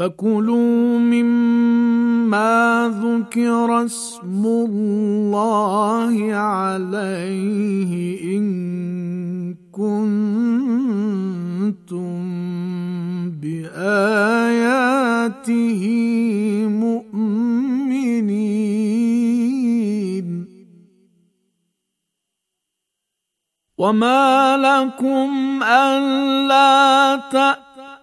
فكلوا مما ذكر اسم الله عليه إن كنتم بآياته مؤمنين وما لكم ألا تأتوا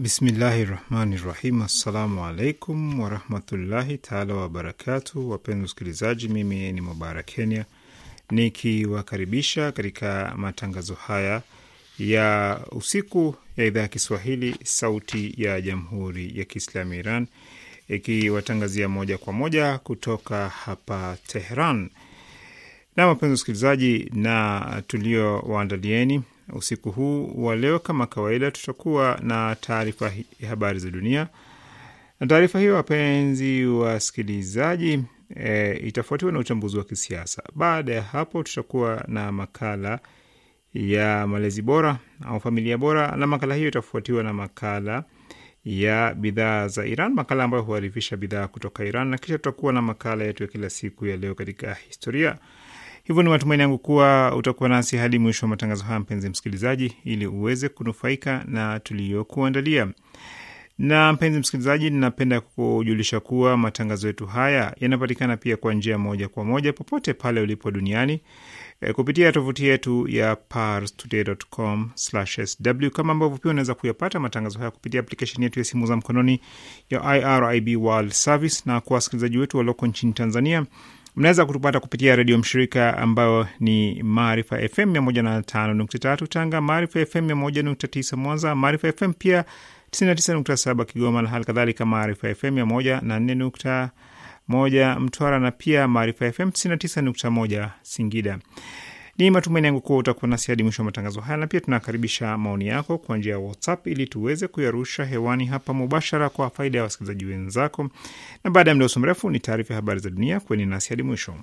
Bismillahi rahmani rahim. Assalamu alaikum warahmatullahi taala wabarakatu. Wapenzi wasikilizaji, mimi ni Mubarak Kenya nikiwakaribisha katika matangazo haya ya usiku ya idhaa ya Kiswahili sauti ya jamhuri ya Kiislamu Iran ikiwatangazia moja kwa moja kutoka hapa Tehran. Na wapenzi wasikilizaji, na tulio waandalieni usiku huu wa leo, kama kawaida, tutakuwa na taarifa ya habari za dunia, na taarifa hiyo, wapenzi wasikilizaji, e, itafuatiwa na uchambuzi wa kisiasa. Baada ya hapo, tutakuwa na makala ya malezi bora au familia bora, na makala hiyo itafuatiwa na makala ya bidhaa za Iran, makala ambayo huarifisha bidhaa kutoka Iran, na kisha tutakuwa na makala yetu ya kila siku ya leo katika historia. Hivyo ni matumaini yangu kuwa utakuwa nasi hadi mwisho wa matangazo haya, mpenzi msikilizaji, ili uweze kunufaika na tuliyokuandalia. Na mpenzi msikilizaji, ninapenda kujulisha kuwa matangazo yetu haya yanapatikana pia kwa njia moja kwa moja popote pale ulipo duniani e, kupitia tovuti yetu ya parstoday.com/sw, kama ambavyo pia unaweza kuyapata matangazo haya kupitia aplikesheni yetu ya simu za mkononi ya IRIB World Service. Na kwa wasikilizaji wetu walioko nchini Tanzania Mnaweza kutupata kupitia redio mshirika ambayo ni Maarifa FM 105.3 Tanga, Maarifa FM 101.9 Mwanza, Maarifa FM pia 99.7 Kigoma na hali kadhalika Maarifa FM 104.1 Mtwara na pia Maarifa FM 99.1 Singida. Ni matumaini yangu kuwa utakuwa nasi hadi mwisho wa matangazo haya, na pia tunakaribisha maoni yako kwa njia ya WhatsApp ili tuweze kuyarusha hewani hapa mubashara kwa faida ya wasikilizaji wenzako. Na baada ya mda uso mrefu ni taarifa ya habari za dunia. Kweni nasi hadi mwisho.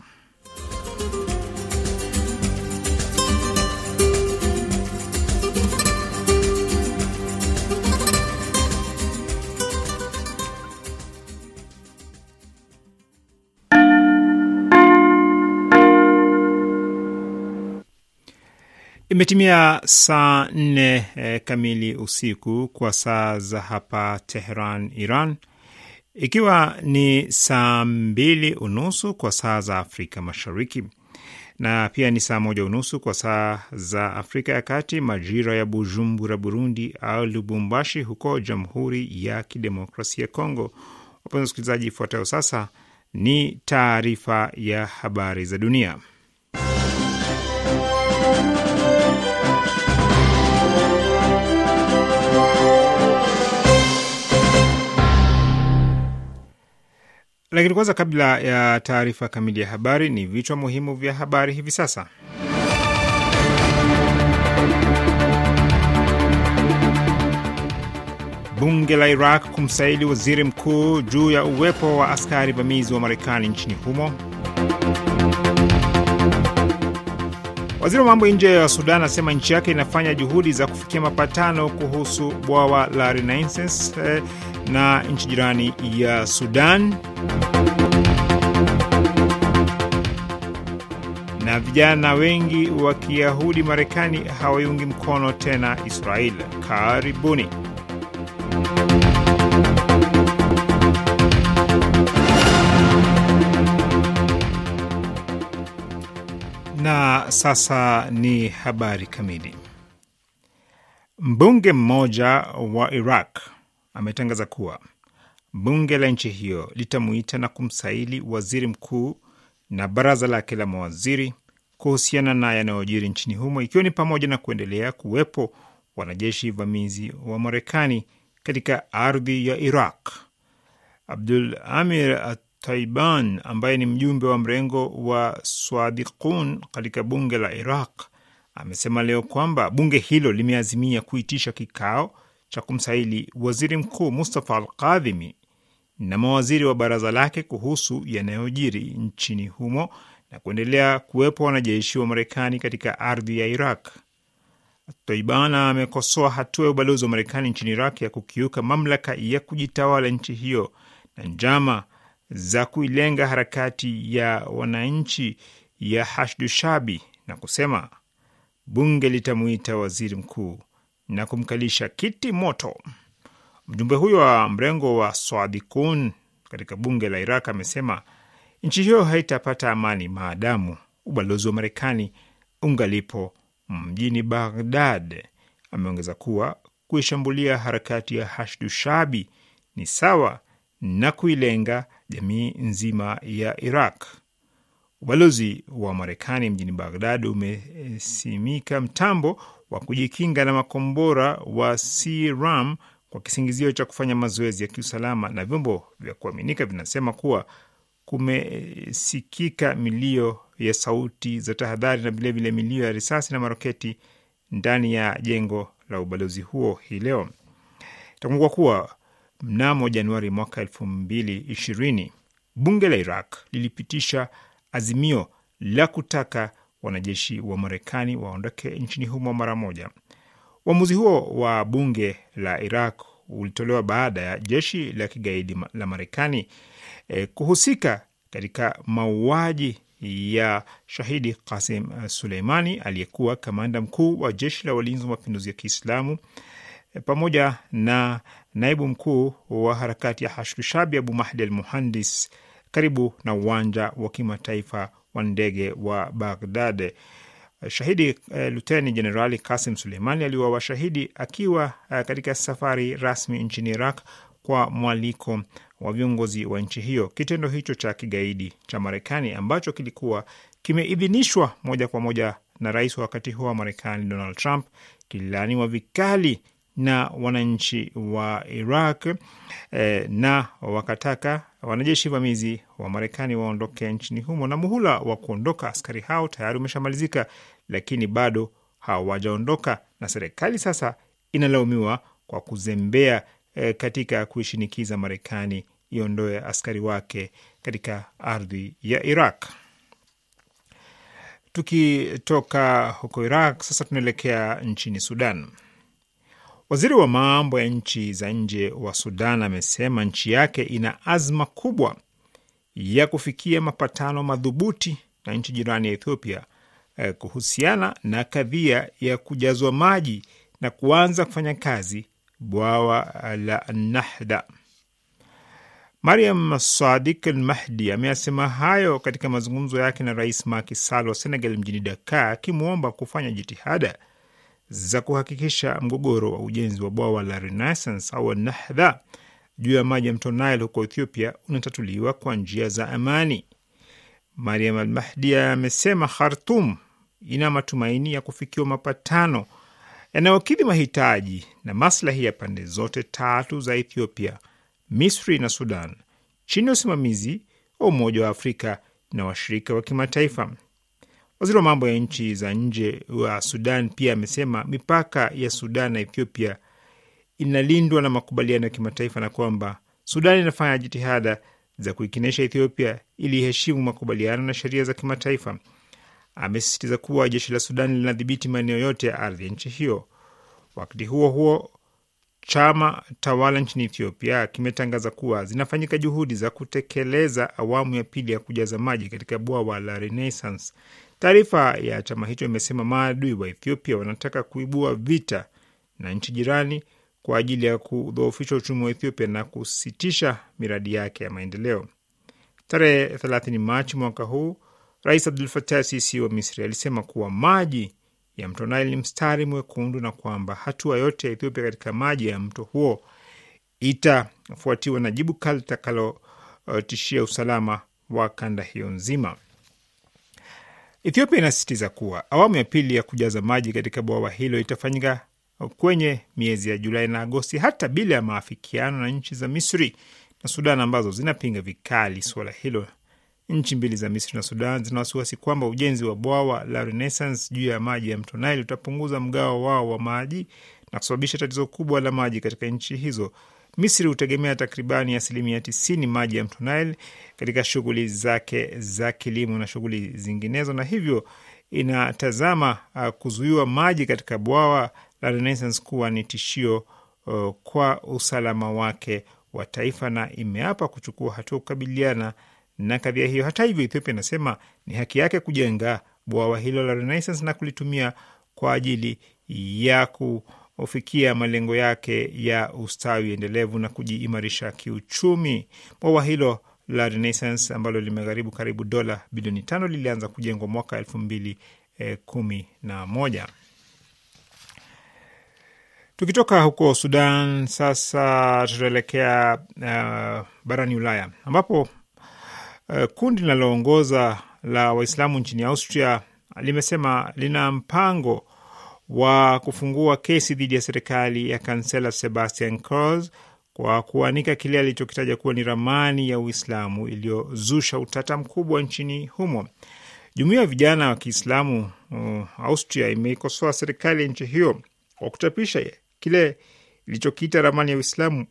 Imetimia saa nne e, kamili usiku kwa saa za hapa Teheran, Iran, ikiwa ni saa mbili unusu kwa saa za Afrika Mashariki na pia ni saa moja unusu kwa saa za Afrika ya Kati, majira ya Bujumbura, Burundi, au Lubumbashi huko Jamhuri ya Kidemokrasia ya Kongo. Wapenzi wasikilizaji, ifuatayo sasa ni taarifa ya habari za dunia. Lakini kwanza, kabla ya taarifa kamili ya habari, ni vichwa muhimu vya habari hivi sasa. Bunge la Iraq kumsaili waziri mkuu juu ya uwepo wa askari vamizi wa Marekani nchini humo. Waziri wa mambo nje ya Sudan anasema nchi yake inafanya juhudi za kufikia mapatano kuhusu bwawa la Renaissance eh, na nchi jirani ya Sudan. Na vijana wengi wa Kiyahudi Marekani hawaiungi mkono tena Israel. Karibuni. Na sasa ni habari kamili. Mbunge mmoja wa Iraq ametangaza kuwa bunge la nchi hiyo litamuita na kumsaili waziri mkuu na baraza lake la mawaziri kuhusiana na yanayojiri nchini humo, ikiwa ni pamoja na kuendelea kuwepo wanajeshi vamizi wa Marekani katika ardhi ya Iraq. Abdul Amir Taiban ambaye ni mjumbe wa mrengo wa Swadikun katika bunge la Iraq amesema leo kwamba bunge hilo limeazimia kuitisha kikao cha kumsaili waziri mkuu Mustafa Alkadhimi na mawaziri wa baraza lake kuhusu yanayojiri nchini humo na kuendelea kuwepo wanajeshi wa Marekani katika ardhi ya Iraq. Taiban amekosoa hatua ya ubalozi wa Marekani nchini Iraq ya kukiuka mamlaka ya kujitawala nchi hiyo na njama za kuilenga harakati ya wananchi ya Hashdushabi na kusema bunge litamwita waziri mkuu na kumkalisha kiti moto. Mjumbe huyo wa mrengo wa Swadikun katika bunge la Iraq amesema nchi hiyo haitapata amani maadamu ubalozi wa Marekani ungalipo mjini Baghdad. Ameongeza kuwa kuishambulia harakati ya Hashdushabi ni sawa na kuilenga jamii nzima ya Iraq. Ubalozi wa Marekani mjini Baghdad umesimika mtambo wa kujikinga na makombora wa sram kwa kisingizio cha kufanya mazoezi ya kiusalama, na vyombo vya kuaminika vinasema kuwa kumesikika milio ya sauti za tahadhari na vilevile milio ya risasi na maroketi ndani ya jengo la ubalozi huo hii leo. Itakumbukwa kuwa mnamo Januari mwaka elfu mbili ishirini bunge la Iraq lilipitisha azimio la kutaka wanajeshi wa Marekani waondoke nchini humo mara moja. Uamuzi huo wa bunge la Iraq ulitolewa baada ya jeshi la kigaidi la Marekani eh, kuhusika katika mauaji ya shahidi Kasim Suleimani aliyekuwa kamanda mkuu wa jeshi la walinzi wa mapinduzi ya Kiislamu Eh, pamoja na naibu mkuu wa harakati ya Hashdu Shabi Abu Mahdi al Muhandis karibu na uwanja wa kimataifa wa ndege wa Baghdad. Eh, shahidi eh, luteni jenerali Kasim Suleimani aliwa washahidi akiwa eh, katika safari rasmi nchini Iraq kwa mwaliko wa viongozi wa nchi hiyo. Kitendo hicho cha kigaidi cha Marekani ambacho kilikuwa kimeidhinishwa moja kwa moja na rais wa wakati huo wa Marekani Donald Trump kililaaniwa vikali na wananchi wa Iraq e, na wakataka wanajeshi vamizi wa Marekani waondoke nchini humo, na muhula wa kuondoka askari hao tayari umeshamalizika, lakini bado hawajaondoka, na serikali sasa inalaumiwa kwa kuzembea e, katika kuishinikiza Marekani iondoe askari wake katika ardhi ya Iraq. Tukitoka huko Iraq sasa tunaelekea nchini Sudan. Waziri wa mambo ya nchi za nje wa Sudan amesema nchi yake ina azma kubwa ya kufikia mapatano madhubuti na nchi jirani ya Ethiopia eh, kuhusiana na kadhia ya kujazwa maji na kuanza kufanya kazi bwawa la Nahda. Mariam Sadik Al-Mahdi ameyasema hayo katika mazungumzo yake na Rais Macky Sall wa Senegal mjini Dakar, akimwomba kufanya jitihada za kuhakikisha mgogoro wa ujenzi wa bwawa la Renaissance au Nahdha juu ya maji ya mto Nile huko Ethiopia unatatuliwa kwa njia za amani. Mariam Al Mahdi amesema Khartum ina matumaini ya kufikiwa mapatano yanayokidhi mahitaji na maslahi ya pande zote tatu za Ethiopia, Misri na Sudan chini ya usimamizi wa Umoja wa Afrika na washirika wa kimataifa. Waziri wa mambo ya nchi za nje wa Sudan pia amesema mipaka ya Sudan na Ethiopia inalindwa na makubaliano ya kimataifa na kwamba Sudan inafanya jitihada za kuikinesha Ethiopia ili iheshimu makubaliano na sheria za kimataifa. Amesisitiza kuwa jeshi la Sudan linadhibiti maeneo yote ya ardhi ya nchi hiyo. Wakati huo huo, chama tawala nchini Ethiopia kimetangaza kuwa zinafanyika juhudi za kutekeleza awamu ya pili ya kujaza maji katika bwawa la Renaissance Taarifa ya chama hicho imesema maadui wa Ethiopia wanataka kuibua vita na nchi jirani kwa ajili ya kudhoofisha uchumi wa Ethiopia na kusitisha miradi yake ya maendeleo. Tarehe 30 Machi mwaka huu, Rais Abdul Fatah Sisi wa Misri alisema kuwa maji ya mto Nile ni mstari mwekundu na kwamba hatua yote ya Ethiopia katika maji ya mto huo itafuatiwa na jibu kali litakalotishia usalama wa kanda hiyo nzima. Ethiopia inasisitiza kuwa awamu ya pili ya kujaza maji katika bwawa hilo itafanyika kwenye miezi ya Julai na Agosti hata bila ya maafikiano na nchi za Misri na Sudan ambazo zinapinga vikali suala hilo. Nchi mbili za Misri na Sudan zina wasiwasi kwamba ujenzi wa bwawa la Renaissance juu ya maji ya mto Nile utapunguza mgao wao wa maji na kusababisha tatizo kubwa la maji katika nchi hizo. Misri hutegemea takribani asilimia tisini maji ya mto Nile katika shughuli zake za kilimo na shughuli zinginezo, na hivyo inatazama uh, kuzuiwa maji katika bwawa la Renaissance kuwa ni tishio uh, kwa usalama wake wa taifa na imeapa kuchukua hatua kukabiliana na kadhia hiyo. Hata hivyo, Ethiopia inasema ni haki yake kujenga bwawa hilo la Renaissance na kulitumia kwa ajili ya ku kufikia malengo yake ya ustawi endelevu na kujiimarisha kiuchumi. Bwawa hilo la Renaissance ambalo limegharibu karibu dola bilioni tano lilianza kujengwa mwaka elfu mbili eh, kumi na moja. Tukitoka huko Sudan sasa tutaelekea uh, barani Ulaya ambapo uh, kundi linaloongoza la Waislamu nchini Austria limesema lina mpango wa kufungua kesi dhidi ya serikali ya kansela Sebastian Kurz kwa kuanika kile alichokitaja kuwa ni ramani ya Uislamu iliyozusha utata mkubwa nchini humo. Jumuiya ya vijana wa Kiislamu uh, Austria imeikosoa serikali ya nchi hiyo kwa kuchapisha kile ilichokiita ramani ya Uislamu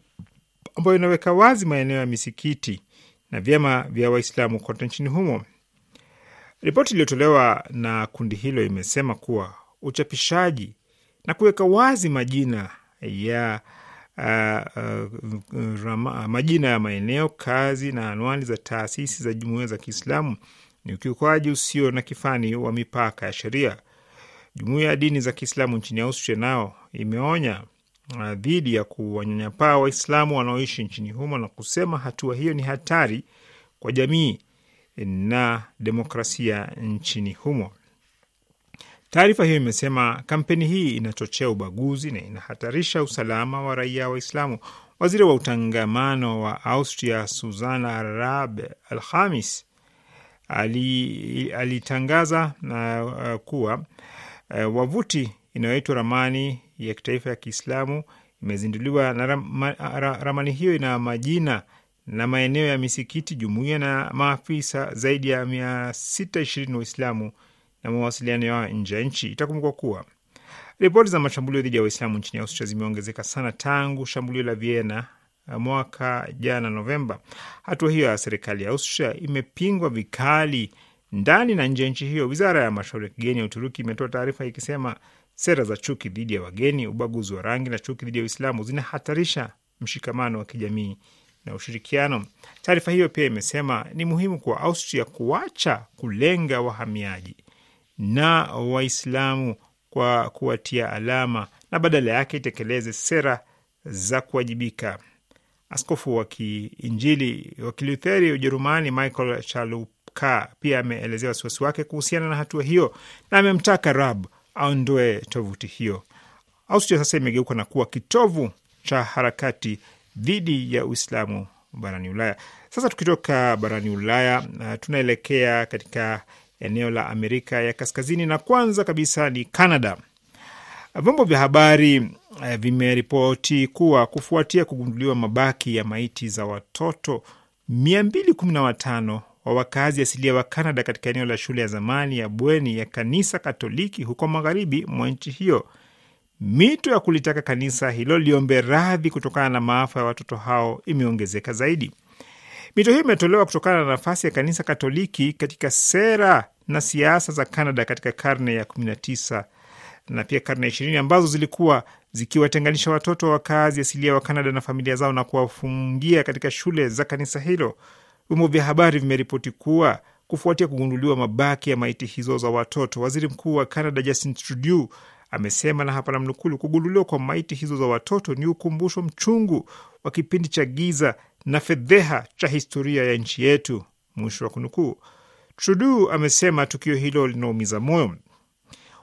ambayo inaweka wazi maeneo ya misikiti na vyama vya Waislamu kote nchini humo. Ripoti iliyotolewa na kundi hilo imesema kuwa uchapishaji na kuweka wazi majina ya Uh, uh, rama, majina ya maeneo kazi na anwani za taasisi za jumuiya za Kiislamu ni ukiukaji usio na kifani wa mipaka ya sheria. Jumuiya ya dini za Kiislamu nchini Austria nao imeonya uh, dhidi ya kuwanyanyapaa Waislamu wanaoishi nchini humo na kusema hatua hiyo ni hatari kwa jamii na demokrasia nchini humo. Taarifa hiyo imesema kampeni hii inachochea ubaguzi na inahatarisha usalama wa raia Waislamu. Waziri wa utangamano wa Austria Suzana Rab Alhamis alitangaza ali uh, kuwa uh, wavuti inayoitwa ramani ya kitaifa ya Kiislamu imezinduliwa na ram, ra, ramani hiyo ina majina na maeneo ya misikiti, jumuiya na maafisa zaidi ya mia sita ishirini Waislamu na mawasiliano yao nje ya nchi. Itakumbukwa kuwa ripoti za mashambulio dhidi ya Waislamu nchini Austria zimeongezeka sana tangu shambulio la Vienna eh, mwaka jana Novemba. Hatua hiyo ya serikali ya Austria imepingwa vikali ndani na nje ya nchi hiyo. Wizara ya mashauri ya kigeni ya Uturuki imetoa taarifa ikisema sera za chuki dhidi ya wageni, ubaguzi wa rangi na chuki dhidi ya Uislamu zinahatarisha mshikamano wa kijamii na ushirikiano. Taarifa hiyo pia imesema ni muhimu kwa Austria kuacha kulenga wahamiaji na Waislamu kwa kuwatia alama na badala yake itekeleze sera za kuwajibika. Askofu wa kiinjili wa Kilutheri Ujerumani, Michael Chalupka, pia ameelezea wasiwasi wake kuhusiana na hatua hiyo na amemtaka Rab aondoe tovuti hiyo. Austria sasa imegeuka na kuwa kitovu cha harakati dhidi ya Uislamu barani Ulaya. Sasa tukitoka barani Ulaya, uh, tunaelekea katika eneo la Amerika ya Kaskazini, na kwanza kabisa ni Canada. Vyombo vya habari eh, vimeripoti kuwa kufuatia kugunduliwa mabaki ya maiti za watoto 215 wa wakazi asilia wa Canada katika eneo la shule ya zamani ya bweni ya kanisa Katoliki huko magharibi mwa nchi hiyo, mito ya kulitaka kanisa hilo liombe radhi kutokana na maafa ya watoto hao imeongezeka zaidi. Mito hiyo imetolewa kutokana na nafasi ya kanisa Katoliki katika sera na siasa za canada katika karne ya 19 na pia karne ya 20 ambazo zilikuwa zikiwatenganisha watoto wakaazi asilia wa canada na familia zao na kuwafungia katika shule za kanisa hilo. Vyombo vya habari vimeripoti kuwa kufuatia kugunduliwa mabaki ya maiti hizo za watoto, waziri mkuu wa Canada Justin Trudeau amesema, na hapa namnukuu, kugunduliwa kwa maiti hizo za watoto ni ukumbusho mchungu wa kipindi cha giza na fedheha cha historia ya nchi yetu, mwisho wa kunukuu. Trudeau amesema tukio hilo linaumiza moyo.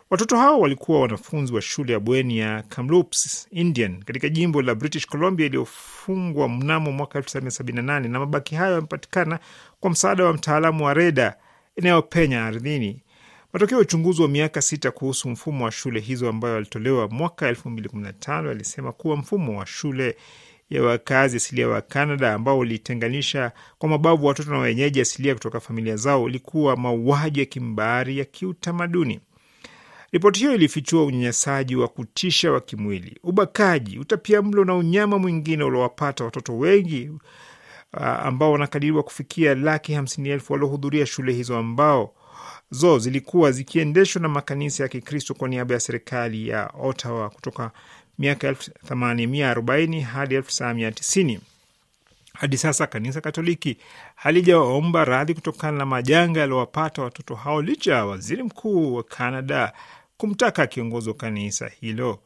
Watoto hao walikuwa wanafunzi wa shule ya bweni ya Kamloops Indian katika jimbo la British Columbia iliyofungwa mnamo mwaka 1978 na mabaki hayo yamepatikana kwa msaada wa mtaalamu wa reda inayopenya ardhini. Matokeo ya uchunguzi wa miaka sita kuhusu mfumo wa shule hizo ambayo yalitolewa mwaka 2015 yalisema kuwa mfumo wa shule ya wakazi asilia wa Canada ambao ulitenganisha kwa mabavu watoto na wenyeji asilia kutoka familia zao ulikuwa mauaji ya kimbari ya kiutamaduni. Ripoti hiyo ilifichua unyanyasaji wa kutisha wa kimwili, ubakaji, mlo na unyama mwingine uliowapata watoto wengi ambao wanakadiriwa kufikia laki hamsini elfu waliohudhuria shule hizo ambao zo zilikuwa zikiendeshwa na makanisa ya Kikristo kwa niaba ya serikali ya Ottawa kutoka miaka 1840 hadi 1990. Hadi sasa kanisa Katoliki halijaomba radhi kutokana na majanga yaliowapata watoto hao licha ya waziri mkuu wa canada kumtaka kiongozi wa kanisa hilo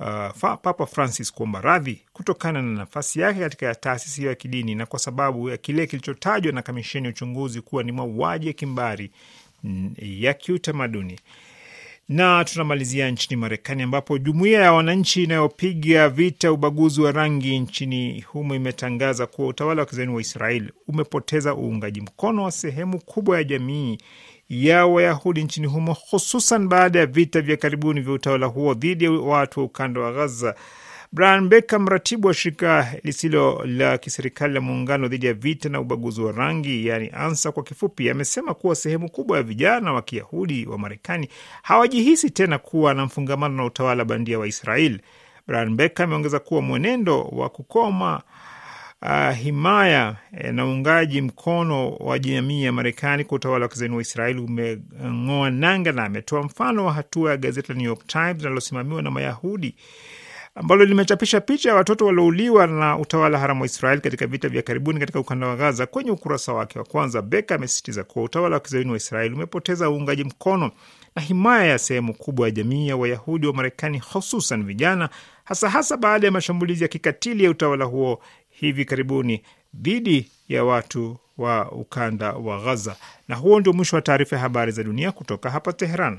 Uh, Papa Francis kuomba radhi kutokana na nafasi yake katika taasisi hiyo ya kidini na kwa sababu ya kile kilichotajwa na kamisheni ya uchunguzi kuwa ni mauaji ya kimbari ya kiutamaduni. Na tunamalizia nchini Marekani ambapo jumuiya ya wananchi inayopiga vita ubaguzi wa rangi nchini humo imetangaza kuwa utawala wa kizayuni wa Israel umepoteza uungaji mkono wa sehemu kubwa ya jamii ya Wayahudi nchini humo, hususan baada ya vita vya karibuni vya utawala huo dhidi ya watu wa ukanda wa Gaza Brian Beka, mratibu wa shirika lisilo la kiserikali la muungano dhidi ya vita na ubaguzi wa rangi, yani ANSA kwa kifupi, amesema kuwa sehemu kubwa ya vijana wa Kiyahudi wa Marekani hawajihisi tena kuwa na mfungamano na utawala bandia wa Israel. Brian Beka ameongeza kuwa mwenendo wa kukoma Uh, himaya eh, na uungaji mkono wa jamii ya Marekani kwa utawala wa kizayuni wa Israeli umeng'oa nanga, na ametoa mfano wa hatua ya gazeti la New York Times linalosimamiwa na Mayahudi ambalo limechapisha picha ya watoto waliouliwa na utawala haramu wa Israel katika vita vya karibuni katika ukanda wa Gaza. Kwenye ukurasa wake wa kwanza, Beka amesisitiza kuwa utawala wa kizayuni wa Israel umepoteza uungaji mkono na himaya ya sehemu kubwa ya jamii ya Wayahudi wa Marekani, hususan vijana, hasa hasa baada ya mashambulizi ya kikatili ya utawala huo hivi karibuni dhidi ya watu wa ukanda wa Gaza. Na huo ndio mwisho wa taarifa ya habari za dunia kutoka hapa Teheran.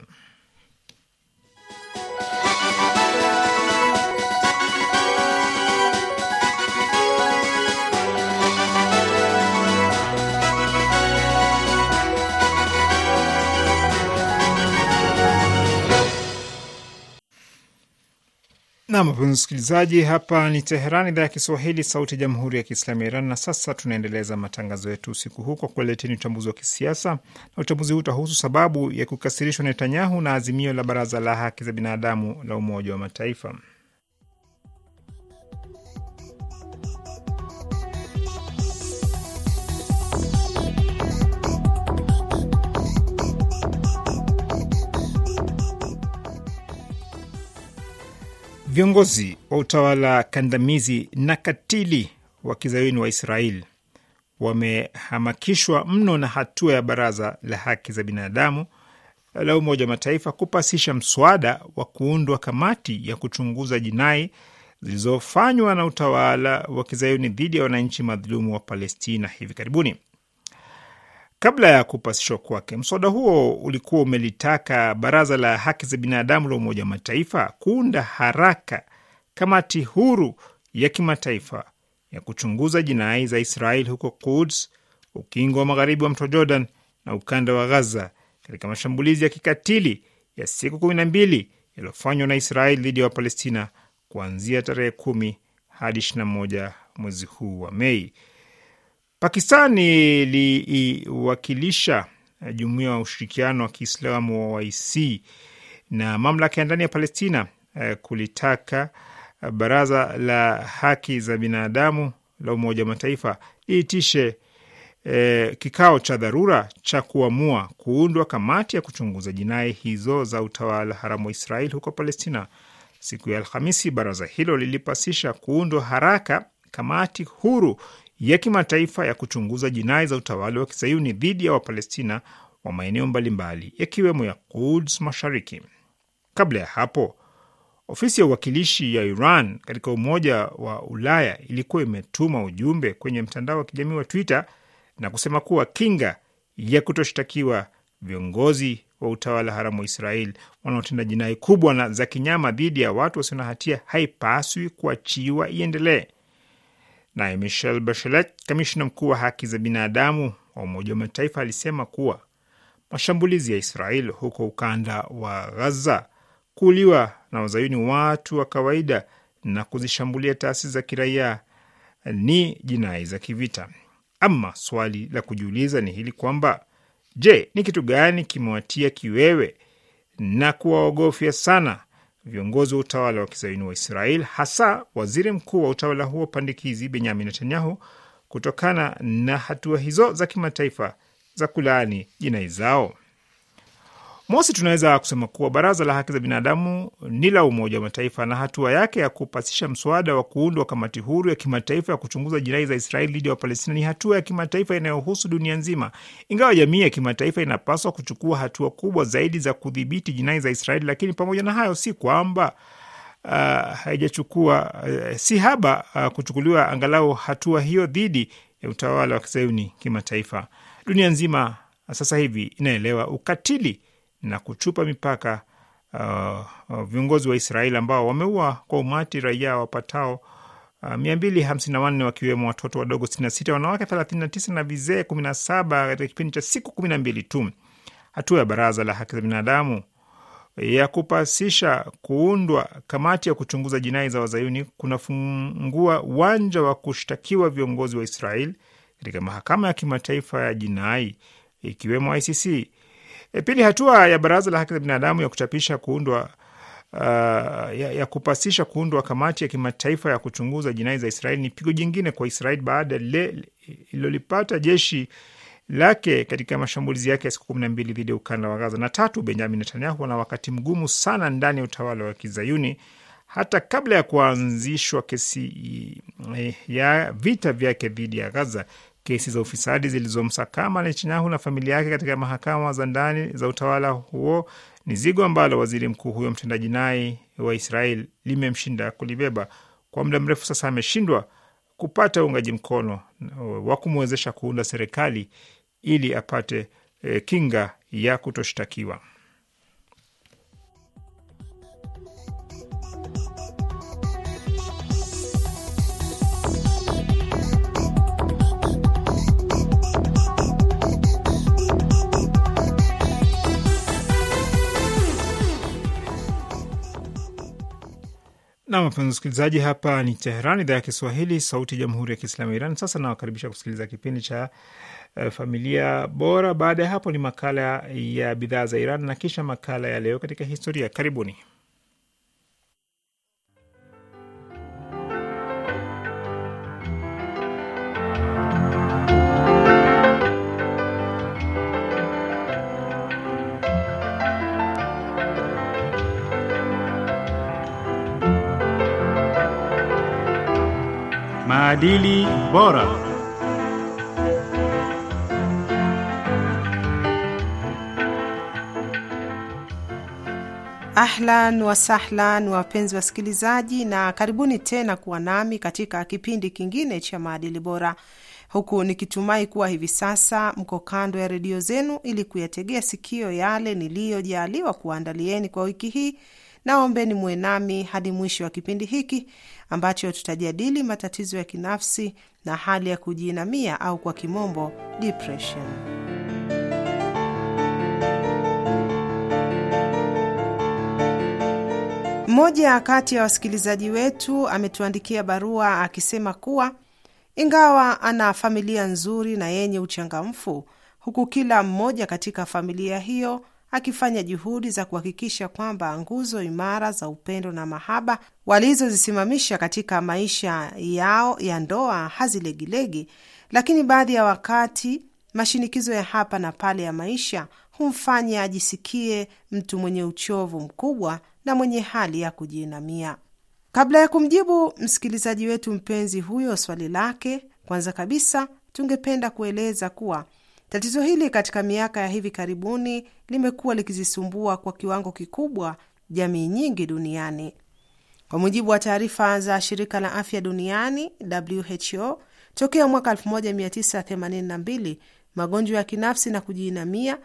Namwapenzi msikilizaji, hapa ni Teheran, idhaa ya Kiswahili, sauti ya jamhuri ya kiislamu ya Iran. Na sasa tunaendeleza matangazo yetu usiku huu kwa kuwaleteni uchambuzi wa kisiasa, na uchambuzi huu utahusu sababu ya kukasirishwa Netanyahu na azimio la baraza la haki za binadamu la Umoja wa Mataifa. Viongozi wa utawala kandamizi na katili wa kizayuni wa Israel wamehamakishwa mno na hatua ya Baraza la Haki za Binadamu la Umoja wa Mataifa kupasisha mswada wa kuundwa kamati ya kuchunguza jinai zilizofanywa na utawala wa kizayuni dhidi ya wananchi madhulumu wa Palestina hivi karibuni. Kabla ya kupasishwa kwake, mswada huo ulikuwa umelitaka baraza la haki za binadamu la Umoja wa Mataifa kuunda haraka kamati huru ya kimataifa ya kuchunguza jinai za Israel huko Quds, ukingo wa magharibi wa mto Jordan na ukanda wa Gaza katika mashambulizi ya kikatili ya siku kumi na mbili yaliyofanywa na Israel dhidi ya Wapalestina kuanzia tarehe kumi hadi ishirini na moja mwezi huu wa Mei. Pakistan iliwakilisha eh, jumuiya wa ushirikiano wa Kiislamu wa OIC na mamlaka ya ndani ya Palestina eh, kulitaka eh, baraza la haki za binadamu la Umoja wa Mataifa iitishe e, kikao cha dharura cha kuamua kuundwa kamati ya kuchunguza jinai hizo za utawala haramu wa Israeli huko Palestina. Siku ya Alhamisi, baraza hilo lilipasisha kuundwa haraka kamati huru ya kimataifa ya kuchunguza jinai za utawala wa kisayuni dhidi ya Wapalestina wa maeneo mbalimbali yakiwemo ya Quds Mashariki. Kabla ya hapo, ofisi ya uwakilishi ya Iran katika Umoja wa Ulaya ilikuwa imetuma ujumbe kwenye mtandao wa kijamii wa Twitter na kusema kuwa kinga ya kutoshtakiwa viongozi wa utawala haramu wa Israel wanaotenda jinai kubwa na za kinyama dhidi ya watu wasio na hatia haipaswi kuachiwa iendelee. Naye Michel Bachelet, kamishna mkuu wa haki za binadamu wa Umoja wa Mataifa, alisema kuwa mashambulizi ya Israel huko ukanda wa Ghaza, kuuliwa na wazayuni watu wa kawaida na kuzishambulia taasisi za kiraia ni jinai za kivita. Ama swali la kujiuliza ni hili kwamba je, ni kitu gani kimewatia kiwewe na kuwaogofya sana viongozi wa utawala wa kizaini wa Israel, hasa waziri mkuu wa utawala huo pandikizi Benyamin Netanyahu kutokana na hatua hizo za kimataifa za kulaani jinai zao. Mosi, tunaweza kusema kuwa baraza la haki za binadamu ni la Umoja wa Mataifa na hatua yake ya kupasisha mswada wa kuundwa kamati huru ya kimataifa ya kuchunguza jinai za Israeli dhidi ya Wapalestina ni hatua ya kimataifa inayohusu dunia nzima, ingawa jamii ya kimataifa inapaswa kuchukua hatua kubwa zaidi za kudhibiti jinai za Israeli. Lakini pamoja na hayo, si kwamba uh, haijachukua uh, si haba uh, kuchukuliwa angalau hatua hiyo dhidi ya utawala wa kizayuni kimataifa. Dunia nzima sasa hivi inaelewa ukatili na kuchupa mipaka uh, uh, viongozi wa Israeli ambao wameua kwa umati raia wapatao uh, 254 wakiwemo watoto wadogo 66, wanawake 39 na vizee 17 katika kipindi cha siku 12 tu. Hatua ya Baraza la Haki za Binadamu ya kupasisha kuundwa kamati ya kuchunguza jinai za wazayuni kunafungua uwanja wa kushtakiwa viongozi wa Israeli katika mahakama ya kimataifa ya jinai ikiwemo ICC. E, pili, hatua ya Baraza la Haki za Binadamu ya kuchapisha kuundwa Uh, ya, ya kupasisha kuundwa kamati ya kimataifa ya kuchunguza jinai za Israeli ni pigo jingine kwa Israeli baada ya ililolipata jeshi lake katika mashambulizi yake ya siku kumi na mbili dhidi ya ukanda wa Gaza. Na tatu, Benjamin Netanyahu ana wakati mgumu sana ndani ya utawala wa Kizayuni hata kabla ya kuanzishwa kesi eh, ya vita vyake dhidi ya Gaza kesi za ufisadi zilizomsakama Netanyahu na familia yake katika mahakama za ndani za utawala huo ni zigo ambalo waziri mkuu huyo mtendaji naye wa Israel limemshinda kulibeba kwa muda mrefu. Sasa ameshindwa kupata uungaji mkono wa kumwezesha kuunda serikali ili apate eh, kinga ya kutoshtakiwa. Nam, wapenzi msikilizaji, hapa ni Teheran, idhaa ya Kiswahili, sauti ya jamhuri ya kiislamu ya Iran. Sasa nawakaribisha kusikiliza kipindi cha eh, familia bora. Baada ya hapo ni makala ya bidhaa za Iran na kisha makala ya leo katika historia. Karibuni. Maadili bora. Ahlan wasahlan, wapenzi wasikilizaji, na karibuni tena kuwa nami katika kipindi kingine cha maadili bora, huku nikitumai kuwa hivi sasa mko kando ya redio zenu ili kuyategea sikio yale niliyojaaliwa kuwaandalieni kwa wiki hii Naombeni muwe nami hadi mwisho wa kipindi hiki ambacho tutajadili matatizo ya kinafsi na hali ya kujiinamia au kwa kimombo depression. Mmoja kati ya wasikilizaji wetu ametuandikia barua akisema kuwa ingawa ana familia nzuri na yenye uchangamfu, huku kila mmoja katika familia hiyo akifanya juhudi za kuhakikisha kwamba nguzo imara za upendo na mahaba walizozisimamisha katika maisha yao ya ndoa hazilegilegi. Lakini baadhi ya wakati mashinikizo ya hapa na pale ya maisha humfanya ajisikie mtu mwenye uchovu mkubwa na mwenye hali ya kujiinamia. Kabla ya kumjibu msikilizaji wetu mpenzi huyo swali lake, kwanza kabisa tungependa kueleza kuwa Tatizo hili katika miaka ya hivi karibuni limekuwa likizisumbua kwa kiwango kikubwa jamii nyingi duniani. Kwa mujibu wa taarifa za shirika la afya duniani WHO, tokea mwaka 1982 magonjwa ya kinafsi na kujiinamia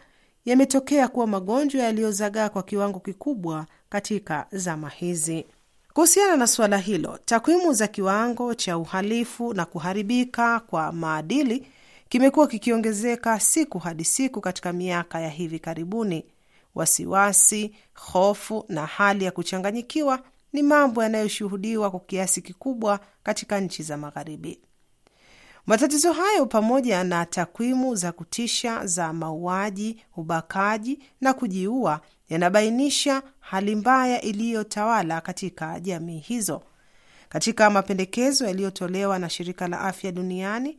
yametokea kuwa magonjwa yaliyozagaa kwa kiwango kikubwa katika zama hizi. Kuhusiana na suala hilo, takwimu za kiwango cha uhalifu na kuharibika kwa maadili kimekuwa kikiongezeka siku hadi siku katika miaka ya hivi karibuni. Wasiwasi, hofu na hali ya kuchanganyikiwa ni mambo yanayoshuhudiwa kwa kiasi kikubwa katika nchi za Magharibi. Matatizo hayo pamoja na takwimu za kutisha za mauaji, ubakaji na kujiua yanabainisha hali mbaya iliyotawala katika jamii hizo. Katika mapendekezo yaliyotolewa na Shirika la Afya Duniani,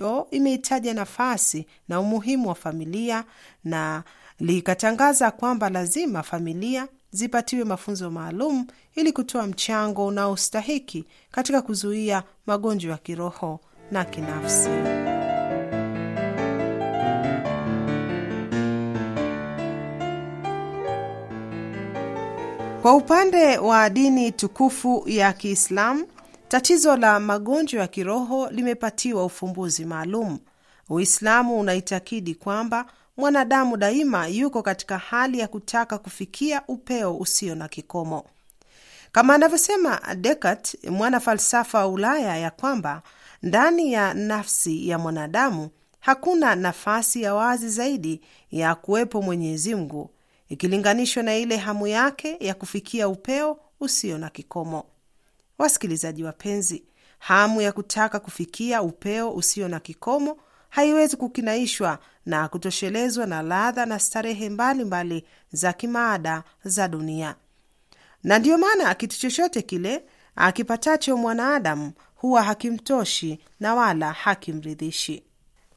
WHO imeitaja nafasi na umuhimu wa familia na likatangaza kwamba lazima familia zipatiwe mafunzo maalum ili kutoa mchango unaostahiki katika kuzuia magonjwa ya kiroho na kinafsi. Kwa upande wa dini tukufu ya Kiislamu, Tatizo la magonjwa ya kiroho limepatiwa ufumbuzi maalum. Uislamu unaitakidi kwamba mwanadamu daima yuko katika hali ya kutaka kufikia upeo usio na kikomo, kama anavyosema Descartes, mwana falsafa wa Ulaya, ya kwamba ndani ya nafsi ya mwanadamu hakuna nafasi ya wazi zaidi ya kuwepo Mwenyezi Mungu ikilinganishwa na ile hamu yake ya kufikia upeo usio na kikomo. Wasikilizaji wapenzi, hamu ya kutaka kufikia upeo usio na kikomo haiwezi kukinaishwa na kutoshelezwa na ladha na starehe mbalimbali mbali za kimaada za dunia, na ndiyo maana kitu chochote kile akipatacho mwanaadamu huwa hakimtoshi na wala hakimridhishi.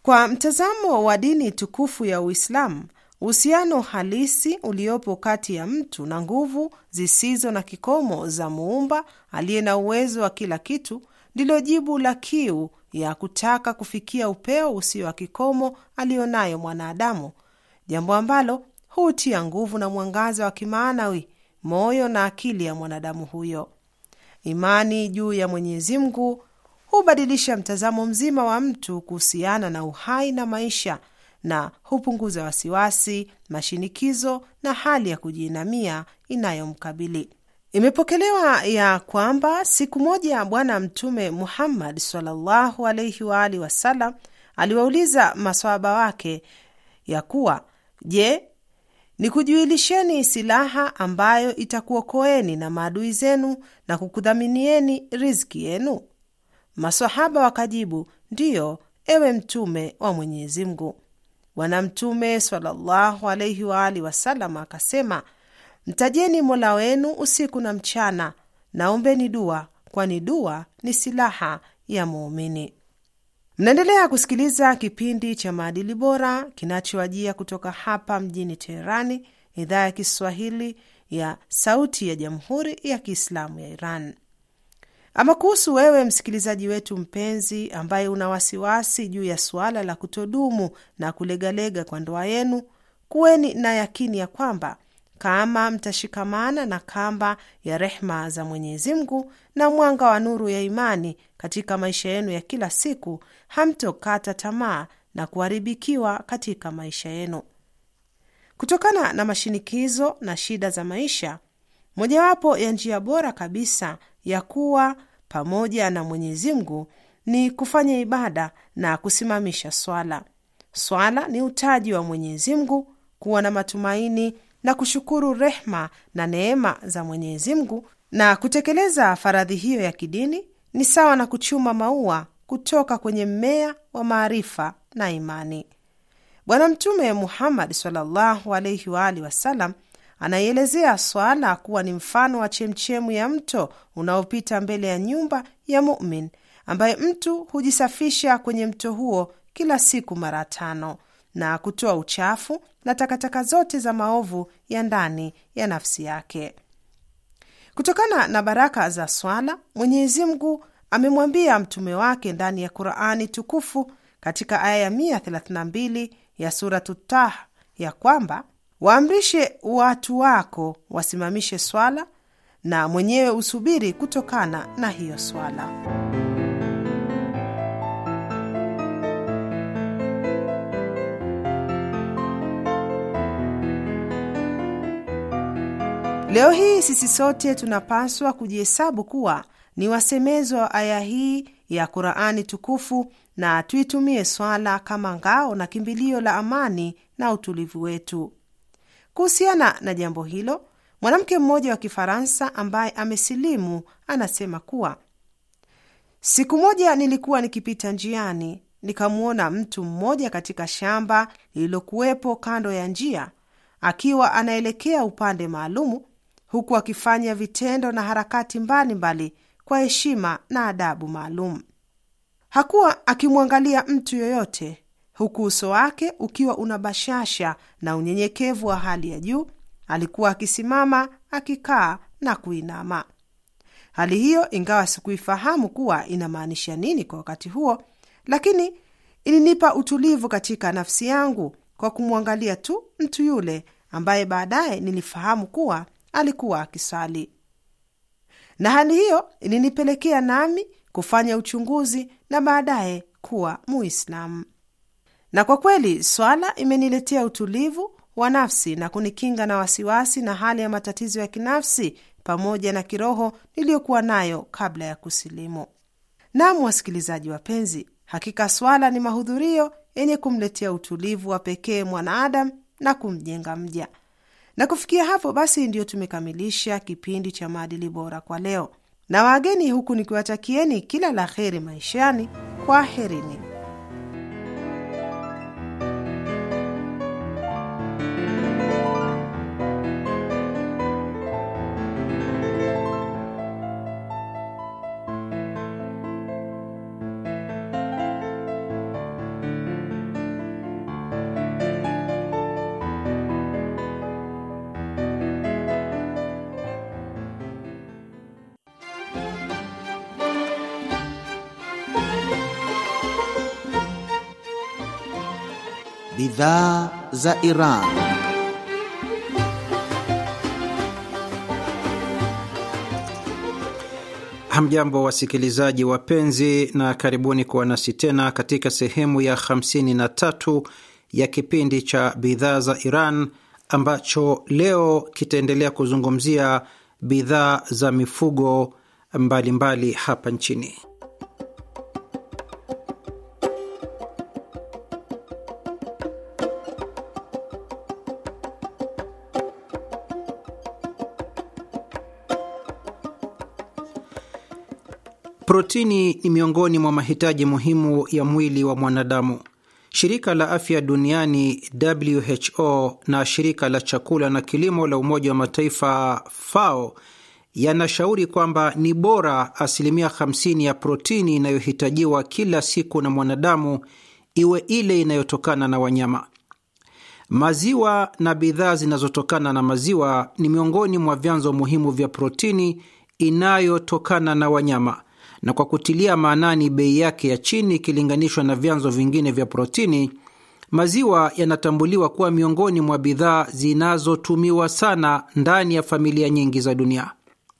Kwa mtazamo wa dini tukufu ya Uislamu, uhusiano halisi uliopo kati ya mtu na nguvu zisizo na kikomo za Muumba aliye na uwezo wa kila kitu ndilo jibu la kiu ya kutaka kufikia upeo usio wa kikomo aliyonayo mwanadamu, jambo ambalo hutia nguvu na mwangaza wa kimaanawi moyo na akili ya mwanadamu huyo. Imani juu ya Mwenyezi Mungu hubadilisha mtazamo mzima wa mtu kuhusiana na uhai na maisha na hupunguza wasiwasi, mashinikizo na hali ya kujiinamia inayomkabili. Imepokelewa ya kwamba siku moja Bwana Mtume Muhammad sallallahu alaihi wa alihi wasallam aliwauliza maswahaba wake ya kuwa, je, nikujuilisheni silaha ambayo itakuokoeni na maadui zenu na kukudhaminieni riziki yenu? Masahaba wakajibu, ndiyo, ewe Mtume wa Mwenyezi Mungu. Bwana Mtume sallallahu alaihi wa alihi wasallam akasema, mtajeni mola wenu usiku na mchana, naombeni dua, kwani dua ni silaha ya muumini. Mnaendelea kusikiliza kipindi cha maadili bora kinachoajia kutoka hapa mjini Teherani, idhaa ya Kiswahili ya Sauti ya Jamhuri ya Kiislamu ya Iran. Ama kuhusu wewe msikilizaji wetu mpenzi, ambaye una wasiwasi juu ya suala la kutodumu na kulegalega kwa ndoa yenu, kuweni na yakini ya kwamba kama mtashikamana na kamba ya rehma za Mwenyezi Mungu na mwanga wa nuru ya imani katika maisha yenu ya kila siku, hamtokata tamaa na kuharibikiwa katika maisha yenu kutokana na mashinikizo na shida za maisha. Mojawapo ya njia bora kabisa ya kuwa pamoja na Mwenyezi Mungu ni kufanya ibada na kusimamisha swala. Swala ni utaji wa Mwenyezi Mungu, kuwa na matumaini na kushukuru rehma na neema za Mwenyezi Mungu, na kutekeleza faradhi hiyo ya kidini ni sawa na kuchuma maua kutoka kwenye mmea wa maarifa na imani. Bwana Mtume Muhammad sallallahu alaihi waalihi alihi wa Anaielezea swala kuwa ni mfano wa chemchemu ya mto unaopita mbele ya nyumba ya mumin, ambaye mtu hujisafisha kwenye mto huo kila siku mara tano na kutoa uchafu na takataka zote za maovu ya ndani ya nafsi yake. Kutokana na baraka za swala, Mwenyezi Mungu amemwambia mtume wake ndani ya Qurani tukufu katika aya ya 132 ya Suratu Taha ya kwamba waamrishe watu wako wasimamishe swala na mwenyewe usubiri kutokana na hiyo swala. Leo hii sisi sote tunapaswa kujihesabu kuwa ni wasemezwa wa aya hii ya Qur'ani tukufu na tuitumie swala kama ngao na kimbilio la amani na utulivu wetu. Kuhusiana na jambo hilo, mwanamke mmoja wa Kifaransa ambaye amesilimu anasema kuwa siku moja nilikuwa nikipita njiani nikamwona mtu mmoja katika shamba lililokuwepo kando ya njia akiwa anaelekea upande maalumu huku akifanya vitendo na harakati mbalimbali mbali kwa heshima na adabu maalum. Hakuwa akimwangalia mtu yoyote huku uso wake ukiwa una bashasha na unyenyekevu wa hali ya juu. Alikuwa akisimama, akikaa na kuinama. Hali hiyo, ingawa sikuifahamu kuwa inamaanisha nini kwa wakati huo, lakini ilinipa utulivu katika nafsi yangu kwa kumwangalia tu mtu yule ambaye baadaye nilifahamu kuwa alikuwa akisali, na hali hiyo ilinipelekea nami kufanya uchunguzi na baadaye kuwa Muislamu na kwa kweli swala imeniletea utulivu wa nafsi na kunikinga na wasiwasi na hali ya matatizo ya kinafsi pamoja na kiroho niliyokuwa nayo kabla ya kusilimu. Naam, wasikilizaji wapenzi, hakika swala ni mahudhurio yenye kumletea utulivu wa pekee mwanaadamu na kumjenga mja. Na kufikia hapo basi, ndiyo tumekamilisha kipindi cha maadili bora kwa leo na wageni, huku nikiwatakieni kila la heri maishani. Kwaherini. bidhaa za Iran. Hamjambo wasikilizaji wapenzi, na karibuni kuwa nasi tena katika sehemu ya 53 ya kipindi cha bidhaa za Iran ambacho leo kitaendelea kuzungumzia bidhaa za mifugo mbalimbali mbali hapa nchini. Protini ni miongoni mwa mahitaji muhimu ya mwili wa mwanadamu. Shirika la Afya Duniani WHO na shirika la chakula na kilimo la Umoja wa Mataifa FAO yanashauri kwamba ni bora asilimia 50 ya protini inayohitajiwa kila siku na mwanadamu iwe ile inayotokana na wanyama. Maziwa na bidhaa zinazotokana na maziwa ni miongoni mwa vyanzo muhimu vya protini inayotokana na wanyama na kwa kutilia maanani bei yake ya chini ikilinganishwa na vyanzo vingine vya protini, maziwa yanatambuliwa kuwa miongoni mwa bidhaa zinazotumiwa sana ndani ya familia nyingi za dunia.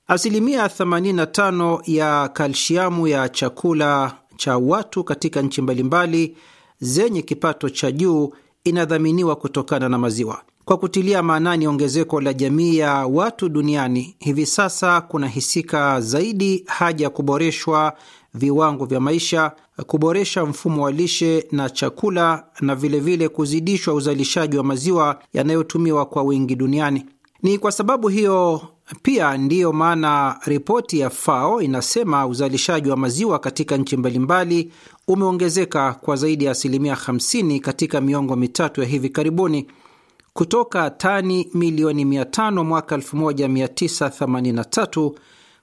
Asilimia 85 ya kalsiamu ya chakula cha watu katika nchi mbalimbali zenye kipato cha juu inadhaminiwa kutokana na maziwa. Kwa kutilia maanani ongezeko la jamii ya watu duniani, hivi sasa kunahisika zaidi haja ya kuboreshwa viwango vya maisha, kuboresha mfumo wa lishe na chakula, na vilevile vile kuzidishwa uzalishaji wa maziwa yanayotumiwa kwa wingi duniani. Ni kwa sababu hiyo pia ndiyo maana ripoti ya FAO inasema uzalishaji wa maziwa katika nchi mbalimbali umeongezeka kwa zaidi ya asilimia 50 katika miongo mitatu ya hivi karibuni kutoka tani milioni 500 mwaka 1983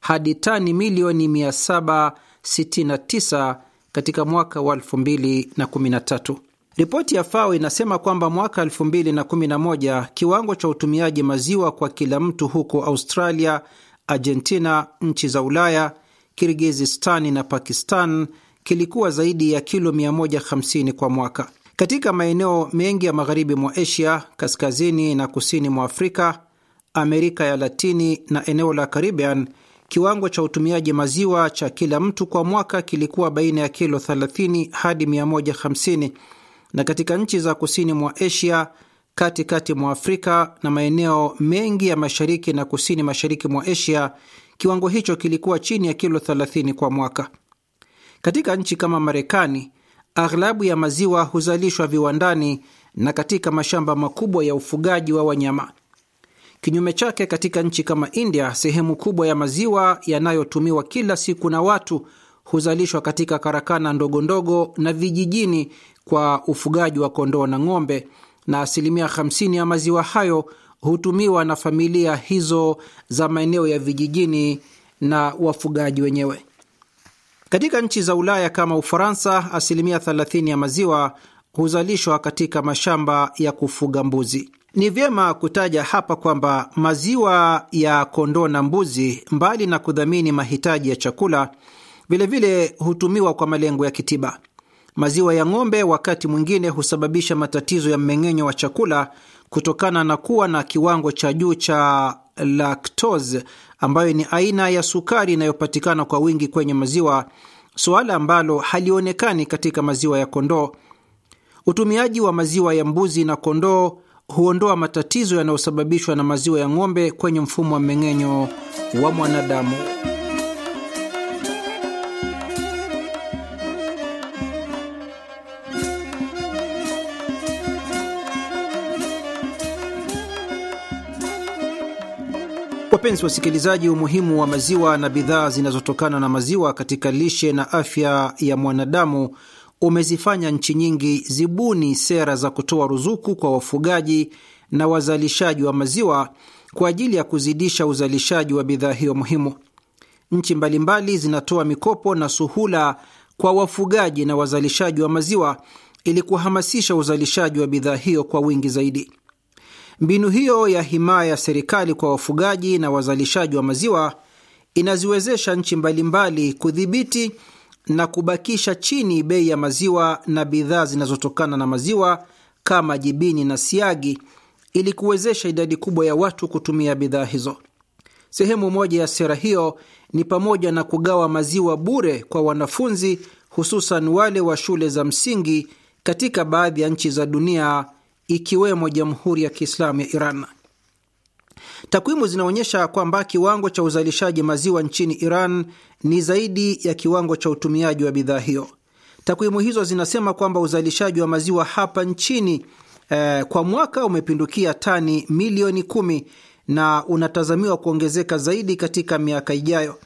hadi tani milioni 769 katika mwaka wa 2013. Ripoti ya FAO inasema kwamba mwaka 2011 kiwango cha utumiaji maziwa kwa kila mtu huko Australia, Argentina, nchi za Ulaya, Kirgizistani na Pakistan kilikuwa zaidi ya kilo 150 kwa mwaka. Katika maeneo mengi ya magharibi mwa Asia, kaskazini na kusini mwa Afrika, Amerika ya Latini na eneo la Caribbean, kiwango cha utumiaji maziwa cha kila mtu kwa mwaka kilikuwa baina ya kilo 30 hadi 150, na katika nchi za kusini mwa Asia, katikati kati mwa Afrika na maeneo mengi ya mashariki na kusini mashariki mwa Asia, kiwango hicho kilikuwa chini ya kilo 30 kwa mwaka. Katika nchi kama Marekani Aghlabu ya maziwa huzalishwa viwandani na katika mashamba makubwa ya ufugaji wa wanyama. Kinyume chake, katika nchi kama India, sehemu kubwa ya maziwa yanayotumiwa kila siku na watu huzalishwa katika karakana ndogo ndogo na vijijini kwa ufugaji wa kondoo na ng'ombe, na asilimia 50 ya maziwa hayo hutumiwa na familia hizo za maeneo ya vijijini na wafugaji wenyewe. Katika nchi za Ulaya kama Ufaransa, asilimia 30 ya maziwa huzalishwa katika mashamba ya kufuga mbuzi. Ni vyema kutaja hapa kwamba maziwa ya kondoo na mbuzi, mbali na kudhamini mahitaji ya chakula, vilevile hutumiwa kwa malengo ya kitiba. Maziwa ya ng'ombe wakati mwingine husababisha matatizo ya mmeng'enyo wa chakula kutokana na kuwa na kiwango cha juu cha lactose ambayo ni aina ya sukari inayopatikana kwa wingi kwenye maziwa, suala ambalo halionekani katika maziwa ya kondoo. Utumiaji wa maziwa ya mbuzi na kondoo huondoa matatizo yanayosababishwa na maziwa ya ng'ombe kwenye mfumo wa mmeng'enyo wa mwanadamu. Wapenzi wasikilizaji, umuhimu wa maziwa na bidhaa zinazotokana na maziwa katika lishe na afya ya mwanadamu umezifanya nchi nyingi zibuni sera za kutoa ruzuku kwa wafugaji na wazalishaji wa maziwa kwa ajili ya kuzidisha uzalishaji wa bidhaa hiyo muhimu. Nchi mbalimbali zinatoa mikopo na suhula kwa wafugaji na wazalishaji wa maziwa ili kuhamasisha uzalishaji wa bidhaa hiyo kwa wingi zaidi. Mbinu hiyo ya himaya ya serikali kwa wafugaji na wazalishaji wa maziwa inaziwezesha nchi mbalimbali kudhibiti na kubakisha chini bei ya maziwa na bidhaa zinazotokana na maziwa kama jibini na siagi ili kuwezesha idadi kubwa ya watu kutumia bidhaa hizo. Sehemu moja ya sera hiyo ni pamoja na kugawa maziwa bure kwa wanafunzi, hususan wale wa shule za msingi katika baadhi ya nchi za dunia ikiwemo Jamhuri ya Kiislamu ya Iran. Takwimu zinaonyesha kwamba kiwango cha uzalishaji maziwa nchini Iran ni zaidi ya kiwango cha utumiaji wa bidhaa hiyo. Takwimu hizo zinasema kwamba uzalishaji wa maziwa hapa nchini eh, kwa mwaka umepindukia tani milioni kumi na unatazamiwa kuongezeka zaidi katika miaka ijayo.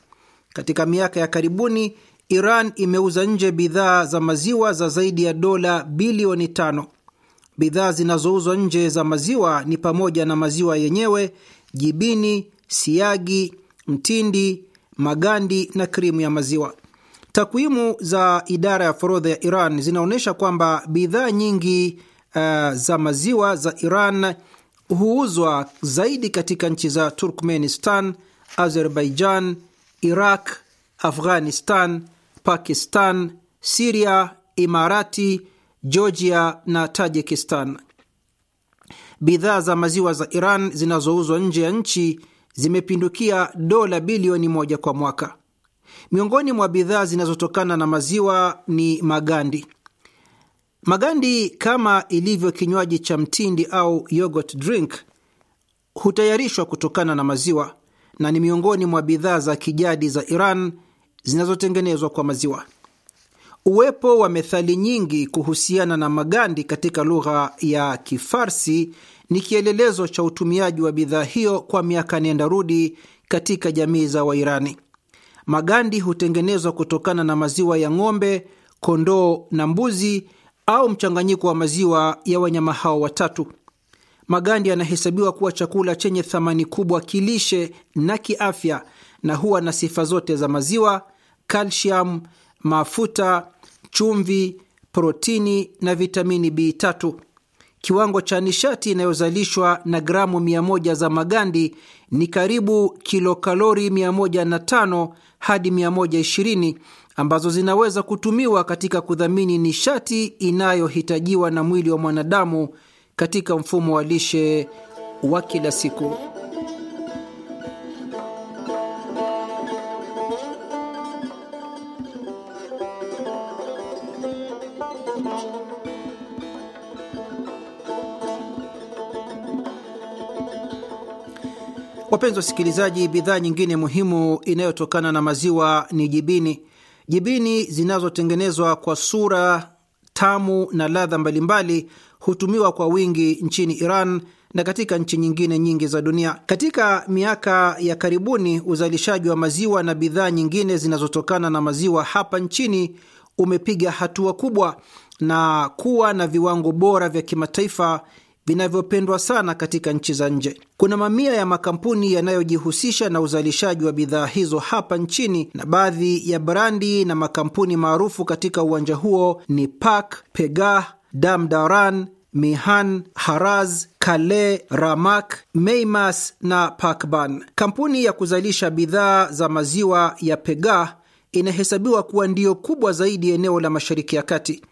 Katika miaka ya karibuni Iran imeuza nje bidhaa za maziwa za zaidi ya dola bilioni tano. Bidhaa zinazouzwa nje za maziwa ni pamoja na maziwa yenyewe, jibini, siagi, mtindi, magandi na krimu ya maziwa. Takwimu za idara ya forodha ya Iran zinaonyesha kwamba bidhaa nyingi uh, za maziwa za Iran huuzwa zaidi katika nchi za Turkmenistan, Azerbaijan, Iraq, Afghanistan, Pakistan, Siria, Imarati, Georgia na Tajikistan. Bidhaa za maziwa za Iran zinazouzwa nje ya nchi zimepindukia dola bilioni moja kwa mwaka. Miongoni mwa bidhaa zinazotokana na maziwa ni magandi. Magandi, kama ilivyo kinywaji cha mtindi au yogurt drink, hutayarishwa kutokana na maziwa na ni miongoni mwa bidhaa za kijadi za Iran zinazotengenezwa kwa maziwa. Uwepo wa methali nyingi kuhusiana na magandi katika lugha ya Kifarsi ni kielelezo cha utumiaji wa bidhaa hiyo kwa miaka nenda rudi katika jamii za Wairani. Magandi hutengenezwa kutokana na maziwa ya ng'ombe, kondoo na mbuzi au mchanganyiko wa maziwa ya wanyama hao watatu. Magandi yanahesabiwa kuwa chakula chenye thamani kubwa kilishe na kiafya, na huwa na sifa zote za maziwa, kalsiamu mafuta, chumvi, protini na vitamini B3. Kiwango cha nishati inayozalishwa na gramu 100 za magandi ni karibu kilokalori 105 hadi 120 ambazo zinaweza kutumiwa katika kudhamini nishati inayohitajiwa na mwili wa mwanadamu katika mfumo wa lishe wa kila siku. Wapenzi wasikilizaji, bidhaa nyingine muhimu inayotokana na maziwa ni jibini. Jibini zinazotengenezwa kwa sura tamu na ladha mbalimbali hutumiwa kwa wingi nchini Iran na katika nchi nyingine nyingi za dunia. Katika miaka ya karibuni, uzalishaji wa maziwa na bidhaa nyingine zinazotokana na maziwa hapa nchini umepiga hatua kubwa na kuwa na viwango bora vya kimataifa vinavyopendwa sana katika nchi za nje. Kuna mamia ya makampuni yanayojihusisha na uzalishaji wa bidhaa hizo hapa nchini, na baadhi ya brandi na makampuni maarufu katika uwanja huo ni Pak, Pegah, Damdaran, Mihan, Haraz, Kale, Ramak, Meimas na Pakban. Kampuni ya kuzalisha bidhaa za maziwa ya Pegah inahesabiwa kuwa ndiyo kubwa zaidi eneo la Mashariki ya Kati.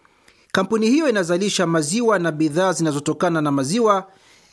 Kampuni hiyo inazalisha maziwa na bidhaa zinazotokana na maziwa,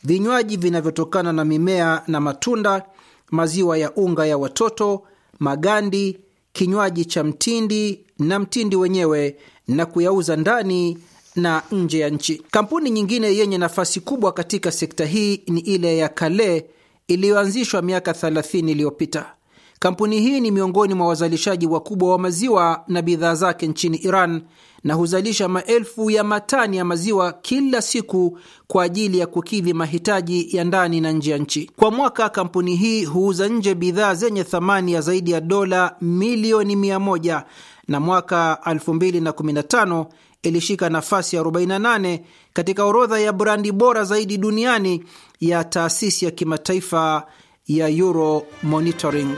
vinywaji vinavyotokana na mimea na matunda, maziwa ya unga ya watoto, magandi, kinywaji cha mtindi na mtindi wenyewe na kuyauza ndani na nje ya nchi. Kampuni nyingine yenye nafasi kubwa katika sekta hii ni ile ya Kale iliyoanzishwa miaka 30 iliyopita. Kampuni hii ni miongoni mwa wazalishaji wakubwa wa maziwa na bidhaa zake nchini Iran na huzalisha maelfu ya matani ya maziwa kila siku kwa ajili ya kukidhi mahitaji ya ndani na nje ya nchi. Kwa mwaka, kampuni hii huuza nje bidhaa zenye thamani ya zaidi ya dola milioni 100 na mwaka 2015 ilishika nafasi ya 48 katika orodha ya brandi bora zaidi duniani ya taasisi ya kimataifa ya Euro Monitoring.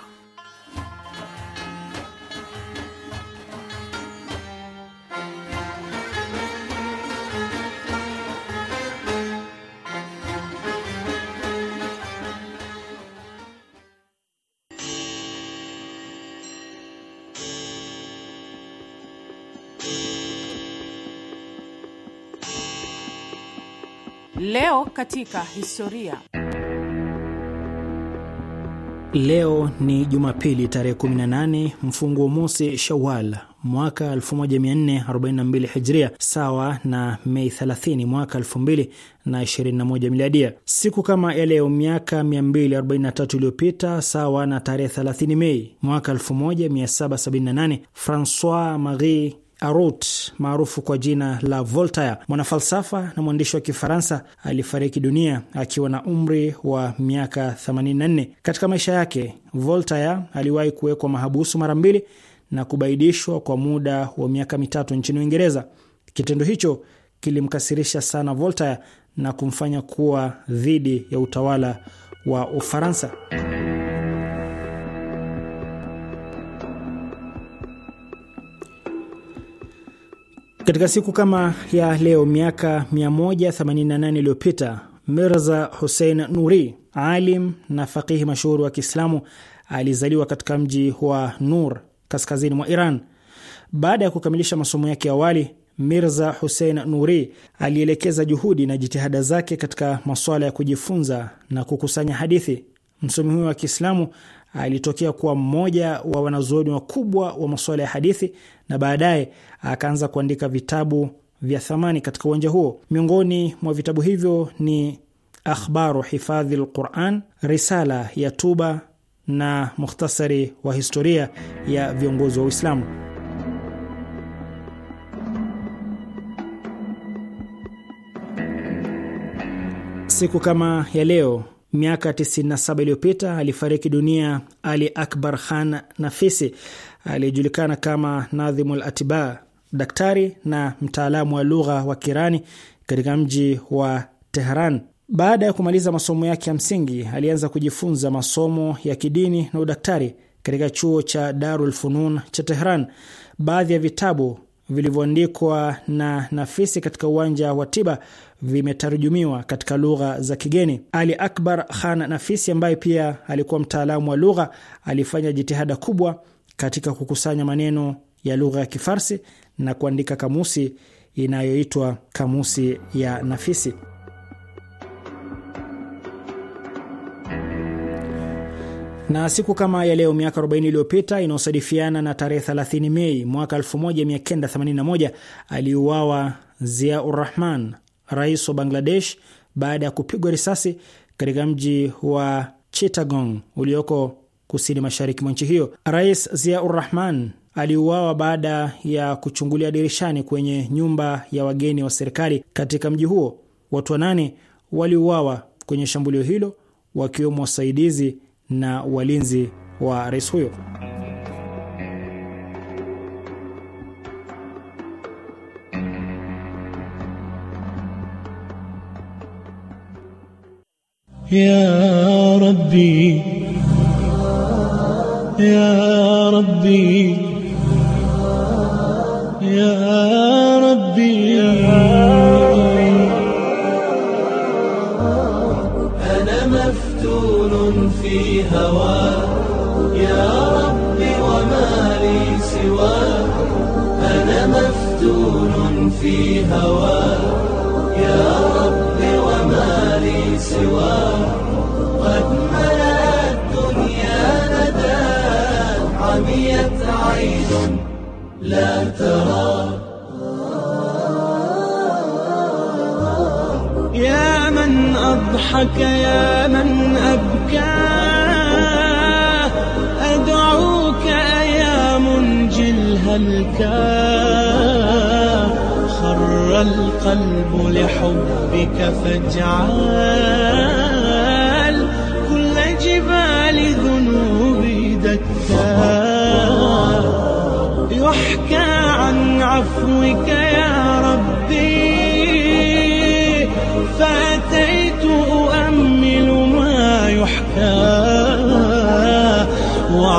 Leo katika historia. Leo ni Jumapili tarehe 18 mfunguo mosi Shawal mwaka 1442 Hijria, sawa na Mei 30 mwaka 2021 Miladia. Siku kama ya leo miaka 243 iliyopita, sawa na tarehe 30 Mei mwaka 1778, Francois Marie Arut maarufu kwa jina la Voltaire, mwanafalsafa na mwandishi wa Kifaransa alifariki dunia akiwa na umri wa miaka 84. Katika maisha yake, Voltaire aliwahi kuwekwa mahabusu mara mbili na kubaidishwa kwa muda wa miaka mitatu nchini Uingereza. Kitendo hicho kilimkasirisha sana Voltaire na kumfanya kuwa dhidi ya utawala wa Ufaransa. Katika siku kama ya leo miaka 188 iliyopita Mirza Hussein Nuri, alim na faqihi mashuhuri wa Kiislamu, alizaliwa katika mji wa Nur kaskazini mwa Iran. Baada ya kukamilisha masomo yake awali, Mirza Hussein Nuri alielekeza juhudi na jitihada zake katika masuala ya kujifunza na kukusanya hadithi. Msomi huyo wa Kiislamu alitokea ah, kuwa mmoja wa wanazuoni wakubwa wa masuala ya hadithi na baadaye akaanza kuandika vitabu vya thamani katika uwanja huo. Miongoni mwa vitabu hivyo ni Akhbaru Hifadhi Lquran, Risala ya Tuba na Mukhtasari wa Historia ya Viongozi wa Uislamu. Siku kama ya leo miaka 97 iliyopita alifariki dunia Ali Akbar Khan Nafisi aliyejulikana kama Nadhimul Atiba, daktari na mtaalamu wa lugha wa Kirani katika mji wa Tehran. Baada ya kumaliza masomo yake ya msingi, alianza kujifunza masomo ya kidini na udaktari katika chuo cha Darul Funun cha Tehran. Baadhi ya vitabu vilivyoandikwa na Nafisi katika uwanja wa tiba vimetarujumiwa katika lugha za kigeni. Ali Akbar Khan Nafisi, ambaye pia alikuwa mtaalamu wa lugha, alifanya jitihada kubwa katika kukusanya maneno ya lugha ya Kifarsi na kuandika kamusi inayoitwa Kamusi ya Nafisi. Na siku kama ya leo miaka 40 iliyopita inayosadifiana na tarehe 30 Mei mwaka 1981 aliuawa zia Rahman, rais wa Bangladesh, baada ya kupigwa risasi katika mji wa Chittagong ulioko kusini mashariki mwa nchi hiyo. Rais zia urrahman aliuawa baada ya kuchungulia dirishani kwenye nyumba ya wageni wa serikali katika mji huo. Watu wanane waliuawa kwenye shambulio hilo, wakiwemo wasaidizi na walinzi wa rais huyo. Ya Rabbi, Ya Rabbi, Ya Rabbi. الهوى يا رب وما لي سواه أنا مفتون في هوى يا رب وما لي سواه قد ملأ الدنيا ندى عميت عين لا ترى يا من أضحك يا من أبكى هلك خر القلب لحبك فاجعل كل جبال ذنوبي دكا يحكى عن عفوك يا ربي فأتيت أؤمل ما يحكى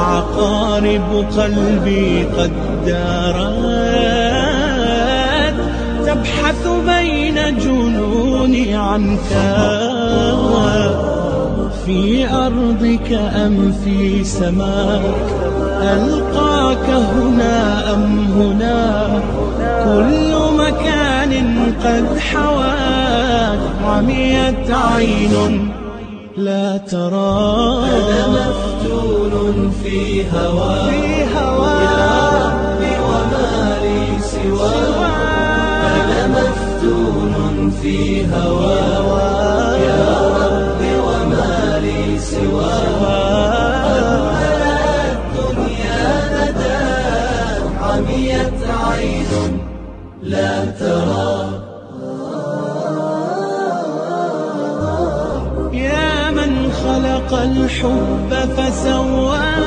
وعقارب قلبي قد دارت تبحث بين جنوني عنك في أرضك أم في سماك ألقاك هنا أم هناك كل مكان قد حواك عميت عين لا تراك رجل في هواه يا ربي وما لي سواه أنا مفتون في هواه يا ربي وما لي سواه الدنيا عميت عين لا الحب فسواه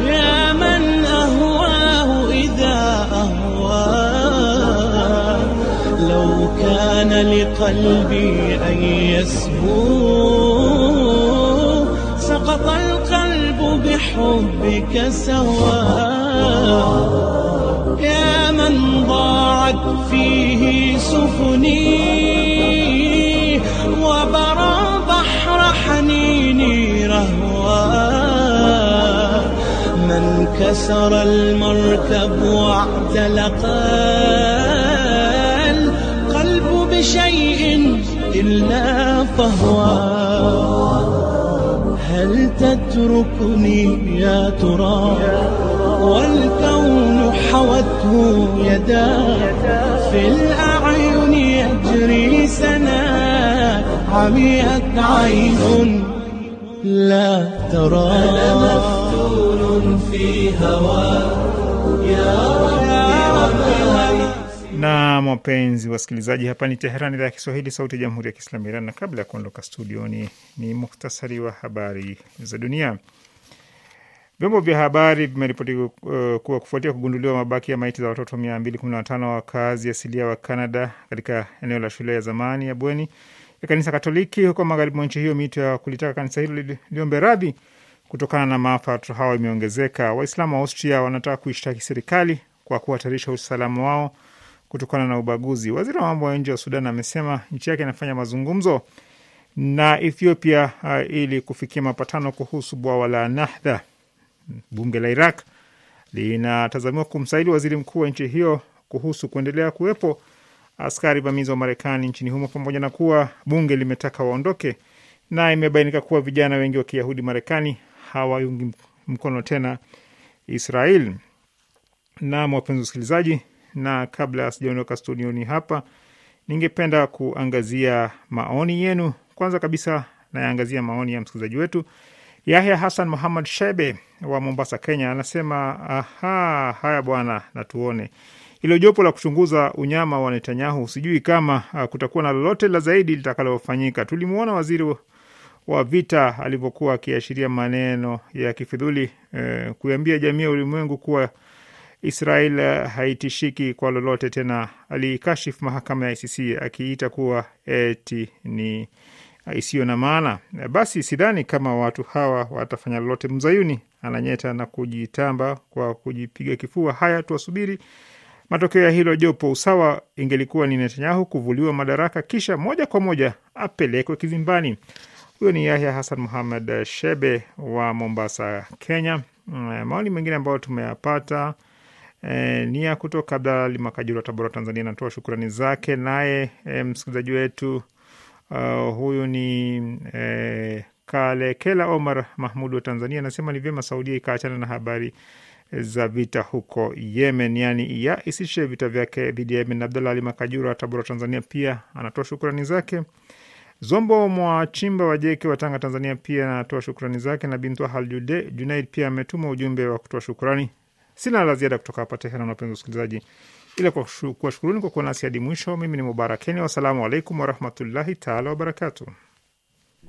يا من أهواه إذا أهواه لو كان لقلبي أن يسبو سقط القلب بحبك سواه يا من ضاعت فيه سفني وحنيني رهوى من كسر المركب واعتلق القلب بشيء إلا فهوى هل تتركني يا ترى والكون حوته يدا في الأعين يجري سنا عميت عين لا ترى أنا مفتون في هوى يا na wapenzi wasikilizaji, hapa ni Teherani, idhaa ya Kiswahili, sauti ya jamhuri ya kiislamu Iran. Na kabla ya kuondoka studioni, ni, muhtasari wa habari za dunia. Vyombo vya habari vimeripoti uh, kuwa kufuatia kugunduliwa mabaki ya maiti za watoto 215 wakazi asilia wa Kanada katika eneo la shule ya zamani ya bweni ya kanisa Katoliki huko magharibi mwa nchi hiyo, miito ya kulitaka kanisa hilo liombe radhi kutokana na maafa watoto imeongezeka. Waislamu wa Austria wanataka kuishtaki serikali kwa kuhatarisha usalama wao kutokana na ubaguzi. Waziri wa mambo ya nje wa Sudan amesema nchi yake inafanya mazungumzo na Ethiopia uh, ili kufikia mapatano kuhusu bwawa la Nahdha. Bunge la Iraq linatazamiwa kumsaili waziri mkuu wa nchi hiyo kuhusu kuendelea kuwepo askari vamizi wa Marekani nchini humo, pamoja na kuwa bunge limetaka waondoke, na imebainika kuwa vijana wengi wa Kiyahudi Marekani hawaungi mkono tena Israel. Naam, wapenzi wasikilizaji, na kabla sijaondoka studioni hapa, ningependa kuangazia maoni yenu. Kwanza kabisa nayaangazia maoni ya msikilizaji wetu Yahya Hassan Muhammad Shebe wa Mombasa, Kenya, anasema aha, haya bwana, natuone hilo jopo la kuchunguza unyama wa Netanyahu, sijui kama uh, kutakuwa na lolote la zaidi litakalofanyika. Tulimwona waziri wa vita alivyokuwa akiashiria maneno ya kifidhuli eh, kuiambia jamii ya ulimwengu kuwa Israel haitishiki kwa lolote tena. Aliikashifu mahakama ya ICC akiita kuwa eti ni isiyo na maana. Basi sidhani kama watu hawa watafanya lolote. Mzayuni ananyeta na kujitamba kwa kujipiga kifua. Haya, tuwasubiri Matokeo ya hilo jopo usawa ingelikuwa ni Netanyahu kuvuliwa madaraka kisha moja kwa moja apelekwe kizimbani. Huyo ni Yahya Hassan Muhammad Shebe wa Mombasa, Kenya. Eh, maoni mengine ambayo tumeyapata e, ni ya kutoka Abdalali wa Tabora, Tanzania. Anatoa shukrani zake naye e, msikilizaji wetu uh, huyu ni e, Kalekela Omar Mahmud wa Tanzania, anasema ni vyema Saudia ikaachana na habari za vita huko Yemen, yani ya isishe vita vyake dhidi ya Yemen. Abdalla Ali Makajura wa Tabora, Tanzania, pia anatoa shukrani zake. Zombo Mwachimba wa Jeke wa Tanga, Tanzania, pia anatoa shukrani zake, na Bintwa Haljude Junaid pia ametuma ujumbe wa kutoa shukrani. Sina la ziada kutoka hapa Teheran, wapenzi wasikilizaji, ila kuwashukuruni kwa kuwa nasi hadi mwisho. Mimi ni Mubarakeni, wassalamu alaikum warahmatullahi taala wabarakatu.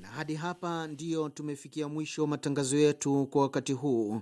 Na hadi hapa ndiyo tumefikia mwisho matangazo yetu kwa wakati huu.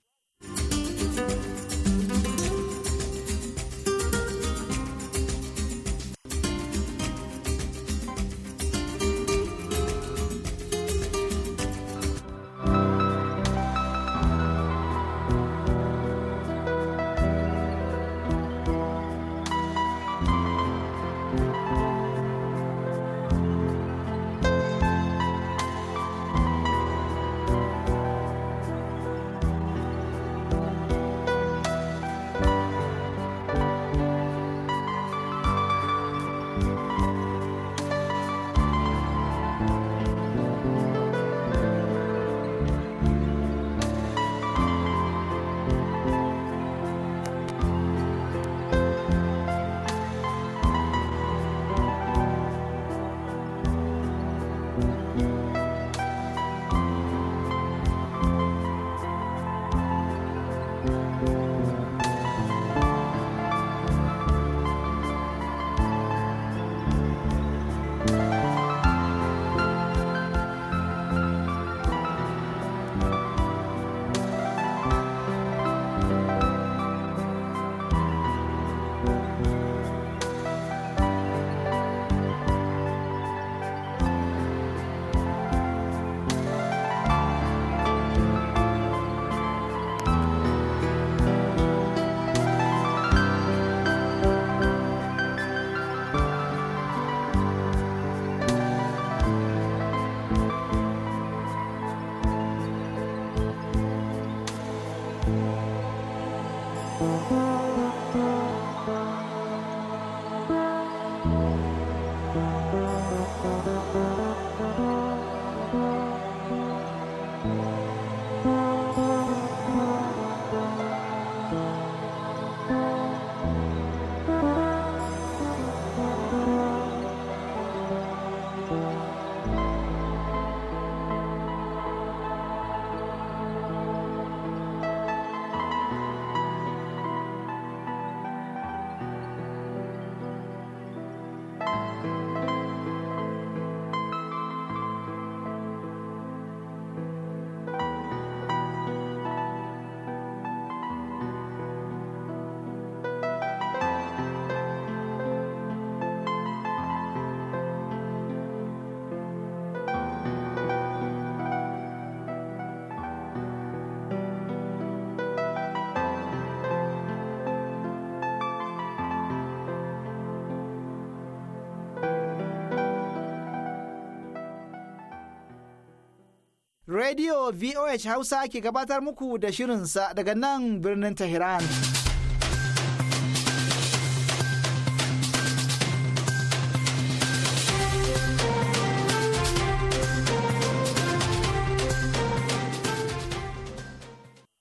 radio VOH hausa ke gabatar muku da shirinsa daga nan birnin tehran.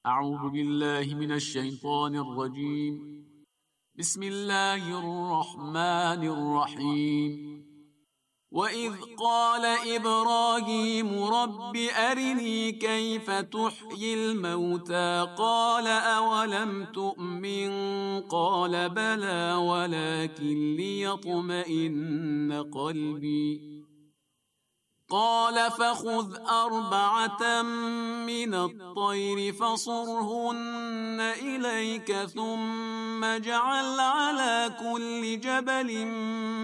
أعوذ بالله من الشيطان الرجيم بسم الله الرحمن الرحيم وإذ قال إبراهيم رب أرني كيف تحيي الموتى قال أولم تؤمن قال بلى ولكن ليطمئن قلبي قال فخذ أربعة من الطير فصرهن إليك ثم اجعل على كل جبل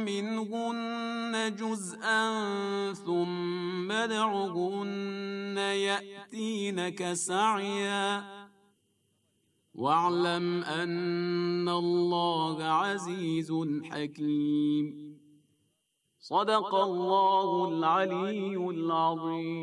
منهن جزءا ثم ادعهن يأتينك سعيا واعلم أن الله عزيز حكيم صدق الله العلي العظيم